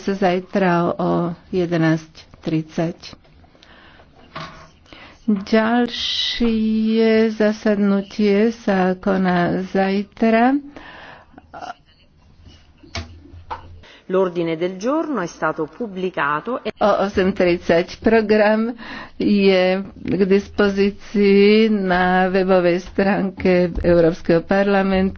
sa zajtra o 11.30. Ďalšie zasadnutie sa koná zajtra. L'ordine del giorno è stato pubblicato. E... O 8.30 program je k dispozícii na webovej stránke Európskeho parlamentu.